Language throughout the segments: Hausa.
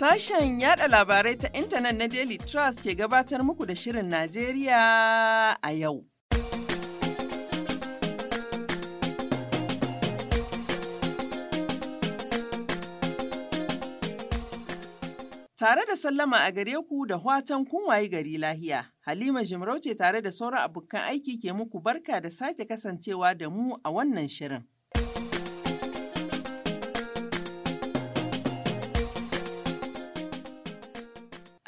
Sashen yada labarai ta intanet na Daily Trust ke gabatar muku da Shirin Najeriya a yau. Tare da sallama a gare ku da watan kunwaye gari lahiya, Halima Jimarauce tare da sauran abokan aiki ke muku barka da sake kasancewa da mu a wannan shirin.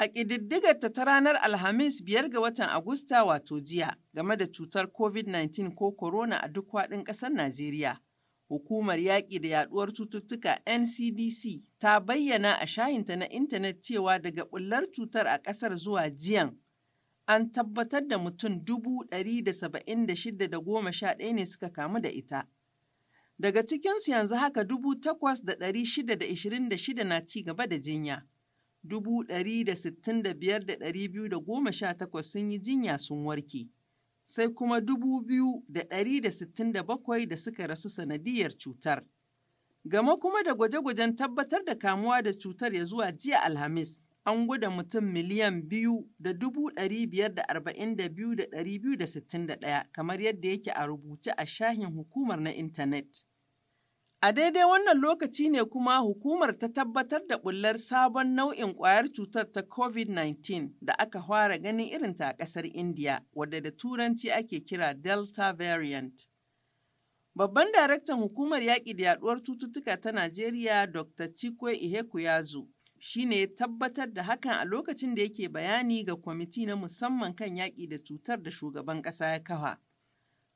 A ƙididdigarta ta ranar Alhamis biyar ga watan Agusta wato jiya game da cutar COVID-19 ko corona a duk faɗin ƙasar Najeriya. Hukumar yaƙi da yaɗuwar cututtuka NCDC ta bayyana a shahinta na intanet cewa daga ɓullar cutar a ƙasar zuwa jiyan an tabbatar da mutum goma sha ɗaya ne suka kamu da ita. Daga cikinsu yanzu haka dubu da shida na ci gaba da jinya. 165,218 sun yi jinya sun warke, sai kuma 2,167 da suka rasu sanadiyar cutar. game kuma da gwaje-gwajen tabbatar da kamuwa da cutar ya zuwa jiya Alhamis, an gwada mutum miliyan biyu da dubu ɗari kamar yadda yake a rubuce a shahin hukumar na intanet. A daidai wannan lokaci ne kuma hukumar ta tabbatar da bullar sabon nau'in kwayar cutar ta COVID-19 da aka fara ganin irin a ƙasar India, wadda da Turanci ake kira Delta variant. Babban daraktan hukumar yaƙi da yaɗuwar cututtuka ta Najeriya Dr. Chikwe yazu shi ne tabbatar da hakan a lokacin da yake bayani ga kwamiti na musamman kan yaƙi da cutar da shugaban ƙasa ya kafa.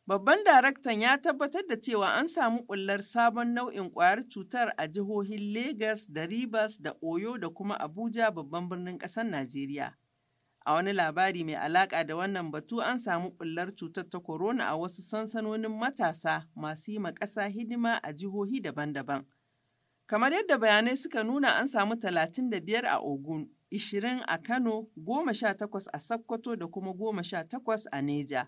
Babban daraktan ya tabbatar da cewa an samu ɓullar sabon nau'in ƙwayar cutar a jihohin Legas da Rivers da Oyo da kuma Abuja babban birnin ƙasar Najeriya. A wani labari mai alaƙa da wannan batu an samu ɓullar cutar ta corona a wasu sansanonin matasa masu yi ma ƙasa hidima a jihohi daban-daban. Kamar yadda bayanai suka nuna an samu talatin da biyar a Ogun, ishirin a Kano, goma sha takwas a Sokoto da kuma goma sha takwas a Neja.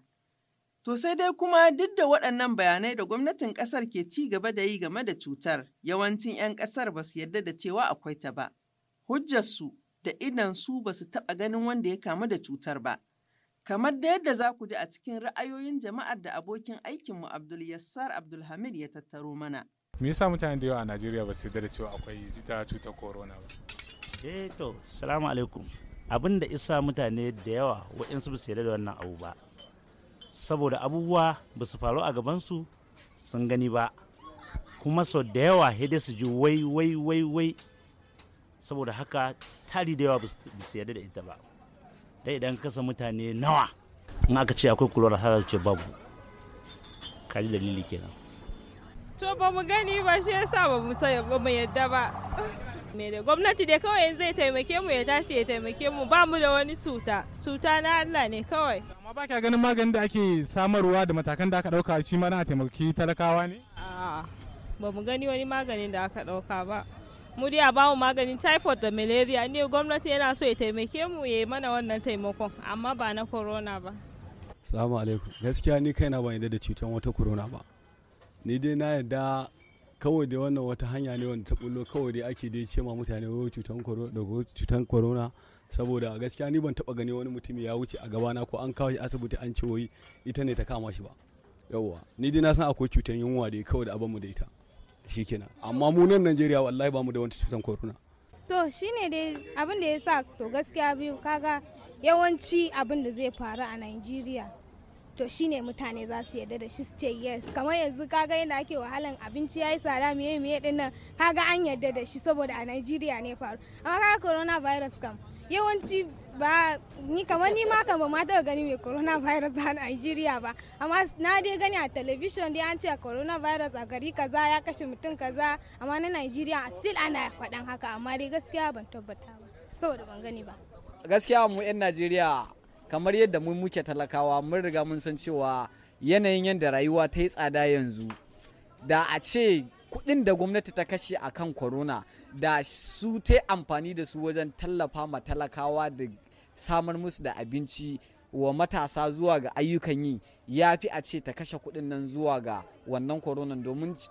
To sai dai kuma duk da waɗannan bayanai da gwamnatin ƙasar ke ci gaba da yi game da cutar, yawancin 'yan ƙasar ba su yarda da cewa akwai ta ba. Hujjarsu da idan su ba su taɓa ganin wanda ya kamu da cutar ba. Kamar da yadda za ku ji a cikin ra'ayoyin jama'ar da abokin aikinmu Abdul Yassar Abdulhamid ya tattaro mana. Me yasa mutane da yawa a Najeriya ba su yarda da cewa akwai jita cutar corona ba? Eh to, salamu alaikum. Abin da isa mutane da yawa waɗansu ba su yarda da wannan abu ba. saboda abubuwa ba su faru a gabansu sun gani ba kuma sau da yawa hede su ji wai wai wai wai saboda haka tari da yawa ba su yarda da ita ba dai idan kasa mutane nawa in aka ce akwai kulura har ce babu kaji dalili kenan to ba mu gani ba shi yasa ba mu yadda ba me da gwamnati dai kawai yanzu ya taimake mu ya tashi ya taimake mu ba mu da wani cuta cuta na Allah ne kawai amma ba kya ganin maganin da ake samarwa da matakan da aka dauka shi ma na taimaki talakawa ne a'a ba mu gani wani maganin da aka dauka ba mu dai a mu maganin typhoid da malaria ne gwamnati yana so ya taimake mu ya yi mana wannan taimakon amma ba na corona ba salamu alaikum gaskiya ni kaina ban yadda da cutar wata corona ba ni dai na yadda kawai da wannan wata hanya ne wanda ta bullo kawai da ake dai ce ma mutane wai cutan corona cutan corona saboda gaskiya ni ban taba gani wani mutum ya wuce a gabana ko an kawo shi asibiti an ce wai ita ne ta kama shi ba yawwa ni dai na san akwai cutan yunwa da kawai da abanmu da ita shikenan amma mu nan Najeriya wallahi ba mu da wani cutan corona to shine dai abin da ya sa to gaskiya biyu kaga yawanci abin da zai faru a Najeriya to shine mutane za su yarda da shi su ce yes kamar yanzu kaga yadda ake wahalan abinci yayi tsada miye miye din nan kaga an yarda da shi saboda a Najeriya ne faru amma kaga virus kam yawanci ba ni kamar ni ma kan ba ma taɓa gani mai corona virus a Najeriya ba amma na dai gani a television dai an ce corona virus a gari kaza ya kashe mutum kaza amma na Najeriya still ana faɗan haka amma dai gaskiya ban tabbata ba saboda ban gani ba gaskiya mu 'yan Najeriya kamar yadda mun muke talakawa mun riga mun san cewa yanayin yadda rayuwa ta yi tsada yanzu da a ce kudin da gwamnati ta kashe a kan corona da su ta amfani da su wajen tallafa ma talakawa da samar musu da abinci wa matasa zuwa ga ayyukan yi ya fi a ce ta kashe kudin nan zuwa ga wannan koronan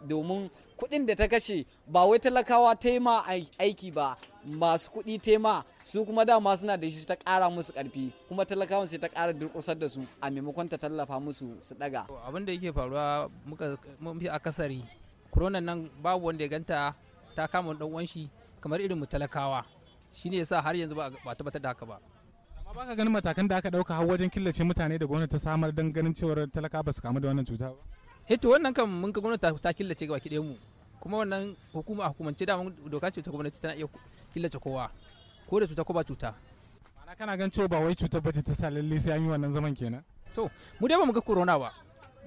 domin kudin da ta kashe ba wai talakawa ta ma aiki ba masu kudi ta ma su kuma dama suna da shi ta kara musu karfi kuma talakawa sai ta kara durkusar da su a maimakon ta tallafa musu su daga. abin da yake faruwa muka mafi akasari koronan nan babu wanda ya ganta ta kama ɗan uwan kamar irin mu talakawa shine yasa har yanzu ba a tabbatar da haka ba. amma baka ganin matakan da aka dauka har wajen killace mutane da gwamnati ta samar don ganin cewar talaka ba su kamu da wannan cuta ba eh to wannan kan mun ga gwamnati ta killace gaba baki mu kuma wannan hukuma a hukumance da doka ce ta gwamnati tana iya killace kowa ko da cuta ko ba cuta ma'ana kana gan cewa ba wai cutar ce ta sa lalle sai an yi wannan zaman kenan to mu dai ba mu ga corona ba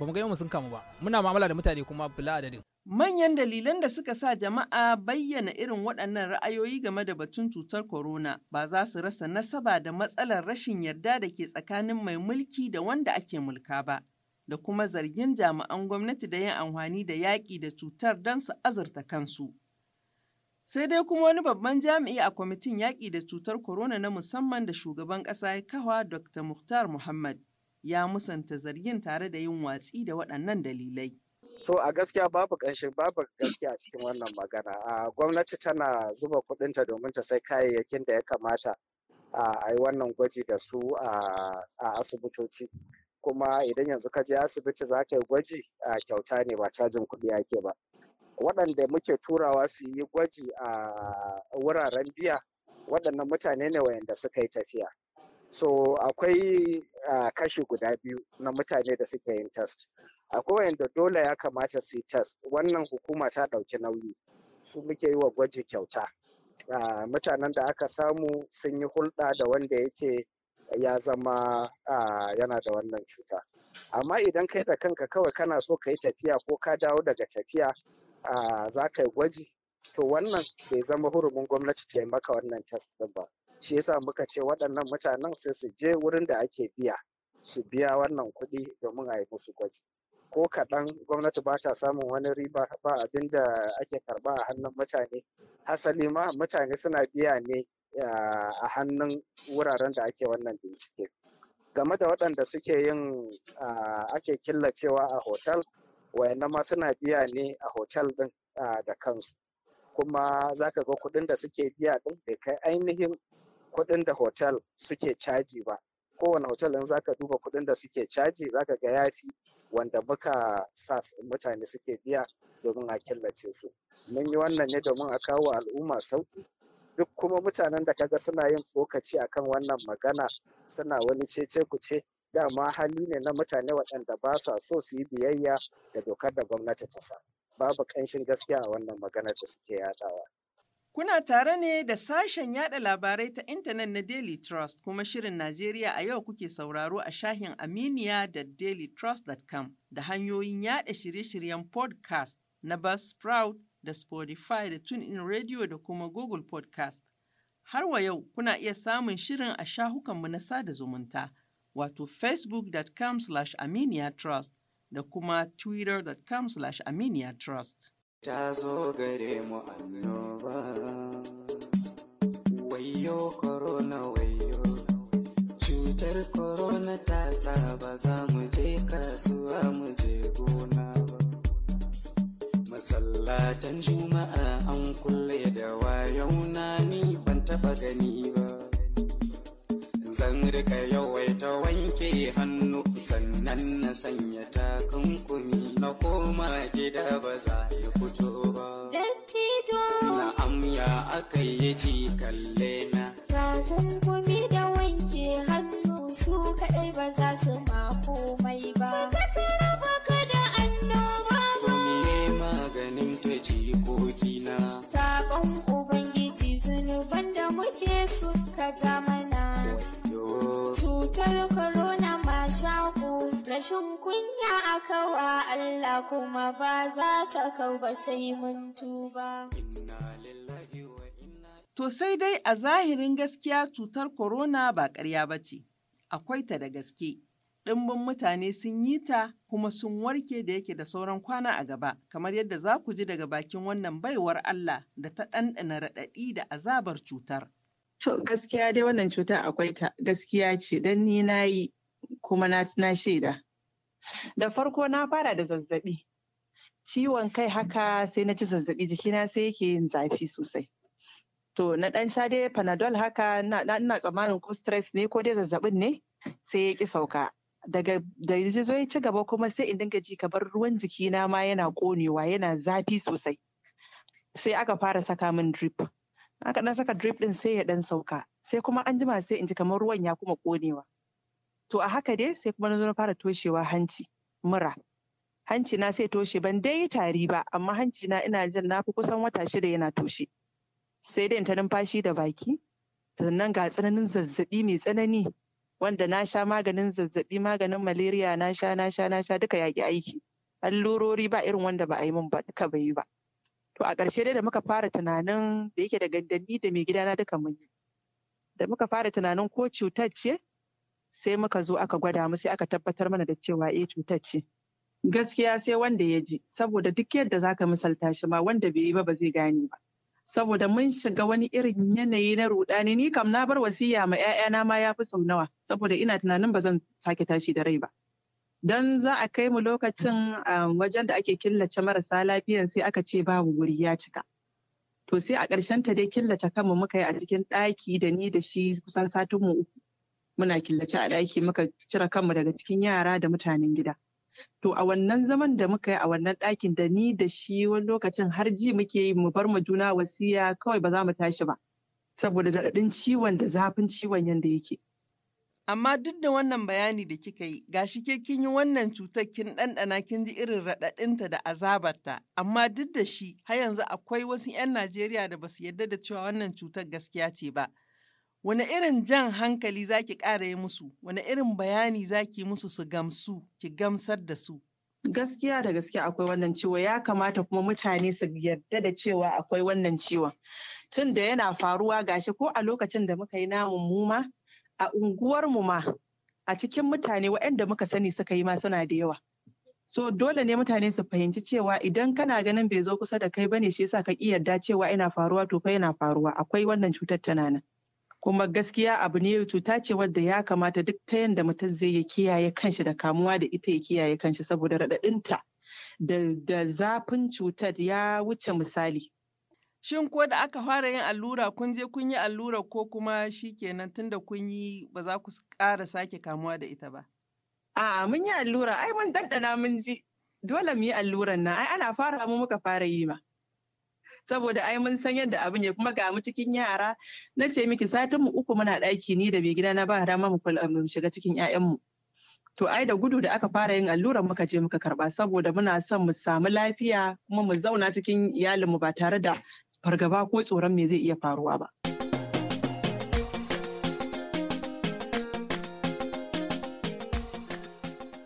ba mu ga mu sun kamu ba muna mu'amala da mutane kuma bila adadin Manyan dalilan da suka sa jama'a bayyana irin waɗannan ra'ayoyi game da batun cutar corona ba za su rasa nasaba da matsalar rashin yarda da ke tsakanin mai mulki da wanda ake mulka ba, da kuma zargin jami'an gwamnati da yin amfani da yaƙi da cutar don su azurta kansu. Sai dai kuma wani babban jami'i a kwamitin yaƙi da cutar corona na musamman da shugaban ƙasa ya kawa Dr. Muktar Muhammad ya musanta zargin tare da yin watsi da waɗannan dalilai. So a gaskiya babu ƙanshin babu gaskiya a cikin wannan magana. A gwamnati tana zuba kuɗinta domin ta sai kayayyakin da ya kamata a yi wannan gwaji da su a asibitoci. Kuma idan yanzu ka je asibiti za ka yi gwaji a kyauta ne ba cajin kuɗi ake ba. Waɗanda muke turawa su yi gwaji a wuraren biya waɗannan mutane ne wayanda suka yi tafiya. So akwai kashi guda biyu na mutane da suke yin test. akwai wanda dole ya kamata su yi test wannan hukuma ta ɗauki nauyi su muke yi wa gwaji kyauta mutanen da aka samu sun yi hulɗa da wanda yake ya zama yana da wannan cuta amma idan kai da kanka kawai kana so ka yi tafiya ko ka dawo daga tafiya za ka yi gwaji to wannan bai zama hurumin gwamnati ta yi maka wannan test ɗin ba shi yasa muka ce waɗannan mutanen sai su je wurin da ake biya su biya wannan kuɗi domin a yi musu gwaji ko kaɗan gwamnati ba ta samun wani riba ba abin da ake karɓa a hannun mutane hasali ma mutane suna biya ne a hannun wuraren da ake wannan bincike game da waɗanda suke yin ake killacewa a hotel wayannan ma suna biya ne a hotel ɗin da kansu kuma za ka ga kuɗin da suke biya ɗin bai kai ainihin kuɗin da hotel suke caji ba kowane hotel ɗin za ka duba kuɗin da suke caji za ka ga yafi? wanda muka sa mutane suke biya domin a killace su mun yi wannan ne domin a kawo al'umma sauki duk kuma mutanen da kaga suna yin tsokaci kan wannan magana suna wani cece kuce dama hali ne na mutane waɗanda ba sa so su yi biyayya da dokar da gwamnati ta sa babu ƙanshin gaskiya a wannan maganar da suke yadawa Kuna tare ne da sashen yada labarai ta intanet na Daily Trust kuma Shirin Najeriya a yau kuke sauraro a shahin Aminiya da dailytrust.com da hanyoyin yada shirye-shiryen podcast na Buzzsprout da Spotify da TuneIn Radio da kuma Google Podcast. Har wa yau kuna iya samun shirin a shahukanmu na sada zumunta wato facebookcom aminiyatrust da kuma twittercom aminiyatrust trust. ta zo gare mu annoba wayo korona wayo cutar korona ta sa ba za mu je kasuwa mu je gona ba masallatan juma'a an kulle da wayau na ni ban taba gani ba zan rika yawaita wanke hannu sannan na sanya takankumi na koma gida ba za yi fito ba. Dattijo! Na amya aka yi ci kalle na. Takunkumi da wanke hannu su kaɗai ba za su ma komai ba. Ba ka raba ka da annoba ba. To maganin ta na. Sabon Ubangiji zunuban da muke suka zamana. mana. Cutar rashin kunya a kawa Allah kuma ba za ta kau ba sai mun tuba. To sai dai a zahirin gaskiya cutar corona ba karya ba ce, akwai ta da gaske. Ɗimbin mutane sun yi ta kuma sun warke da yake da sauran kwana a gaba, kamar yadda za ku ji daga bakin wannan baiwar Allah da ta ɗanɗana raɗaɗi da azabar cutar. To gaskiya dai wannan cutar akwai ta, gaskiya ce, don ni na yi kuma na, na shaida. Da farko na fara da zazzabi. Ciwon kai haka sai na ji zazzabi jikina sai yake yin zafi sosai. To na ɗan sha dai panadol haka na ina tsammanin ko stress ne ko dai zazzabin ne sai ya ƙi sauka. Daga da zo ya ci gaba kuma sai in dinga ji kamar ruwan jikina ma yana ƙonewa yana zafi sosai. Sai aka fara saka min drip. Aka ɗan saka drip ɗin sai ya ɗan sauka. Sai kuma an jima sai in ji kamar ruwan ya kuma ƙonewa. to a haka dai sai kuma na zo na fara toshewa hanci mura hanci na sai toshe ban dai yi tari ba amma hanci na ina jin na fi kusan wata shida yana toshe sai dai ta numfashi da baki sannan ga tsananin zazzabi mai tsanani wanda na sha maganin zazzabi maganin malaria na sha na sha na sha duka yaƙi aiki allurori ba irin wanda ba a yi min ba duka bai yi ba to a ƙarshe dai da muka fara tunanin da yake da gandanni da mai gidana duka mun yi da muka fara tunanin ko cutar ce sai muka zo aka gwada mu sai aka tabbatar mana da cewa eh cutar ce gaskiya sai wanda ya ji saboda duk yadda zaka misalta shi ma wanda bai yi ba ba zai gane ba saboda mun shiga wani irin yanayi na rudani ni kam na bar wasiya ma 'ya'yana ma ya fi sau nawa saboda ina tunanin ba zan sake tashi da rai ba don za a kai mu lokacin ah, wajen da ake killace marasa lafiyan sai aka ce babu wuri ya cika to sai a ƙarshen ta dai killace kanmu muka yi a cikin ɗaki da ni da shi kusan satin mu uku muna killace a ɗaki muka cire kanmu daga cikin yara da mutanen gida to a wannan zaman da muka yi a wannan ɗakin da ni da shi wani lokacin har ji muke yi mu bar mu juna wasiya kawai ba za mu tashi ba saboda daɗaɗin ciwon da zafin ciwon yanda yake amma duk da wannan bayani da kika yi gashi ke kin yi wannan cutar kin ɗanɗana kin ji irin raɗaɗinta da azabarta amma duk da shi har yanzu akwai wasu 'yan Najeriya da basu yarda da cewa wannan cutar gaskiya ce ba Wani irin jan hankali za ki ƙara yi musu? Wani irin bayani za ki musu su gamsu, ki gamsar da su? Gaskiya da gaskiya akwai wannan ciwo ya kamata kuma mutane su yarda da cewa akwai wannan ciwon. Tun da yana faruwa gashi ko a lokacin da muka yi namun muma a unguwarmu ma a cikin mutane waɗanda muka sani suka yi ma suna da yawa. So dole ne mutane su fahimci cewa idan kana ganin bai zo kusa da kai bane shi yasa ka ki yarda cewa yana faruwa to fa yana faruwa akwai wannan cutar tana nan. kuma gaskiya abu ne cuta ce wadda ya kamata duk ta yadda mutum zai ya kiyaye kanshi da kamuwa da ita ya kiyaye kanshi saboda raɗaɗinta da zafin cutar ya wuce misali. Shin ko da aka fara yin allura kun je kun yi allura ko kuma shi kenan tunda kun yi ba za ku ƙara sake kamuwa da ita ba? A'a mun yi allura ai mun dandana mun ji dole mu yi alluran nan ai ana fara mu muka fara yi ma. saboda ai mun san yadda abin ya kuma ga mu cikin yara na ce miki satin mu uku muna ɗaki ni da mai gida na ba rama mu shiga cikin mu. To ai da gudu da aka fara yin allurar muka je muka karba saboda muna son mu samu lafiya kuma mu zauna cikin mu ba tare da fargaba ko tsoron me zai iya faruwa ba.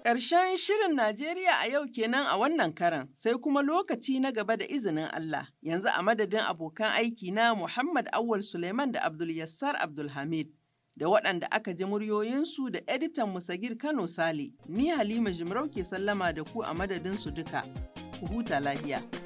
Ƙarshen shirin Najeriya a yau kenan a wannan karan, sai kuma lokaci na gaba da izinin Allah, yanzu a madadin abokan aiki na Muhammad Awal Suleiman da Abdul Yassar Abdul Hamid, da waɗanda aka ji muryoyinsu da editan Musagir Kano Sale, ni Halima Jimarau ke sallama da ku a madadin su duka, ku huta lafiya.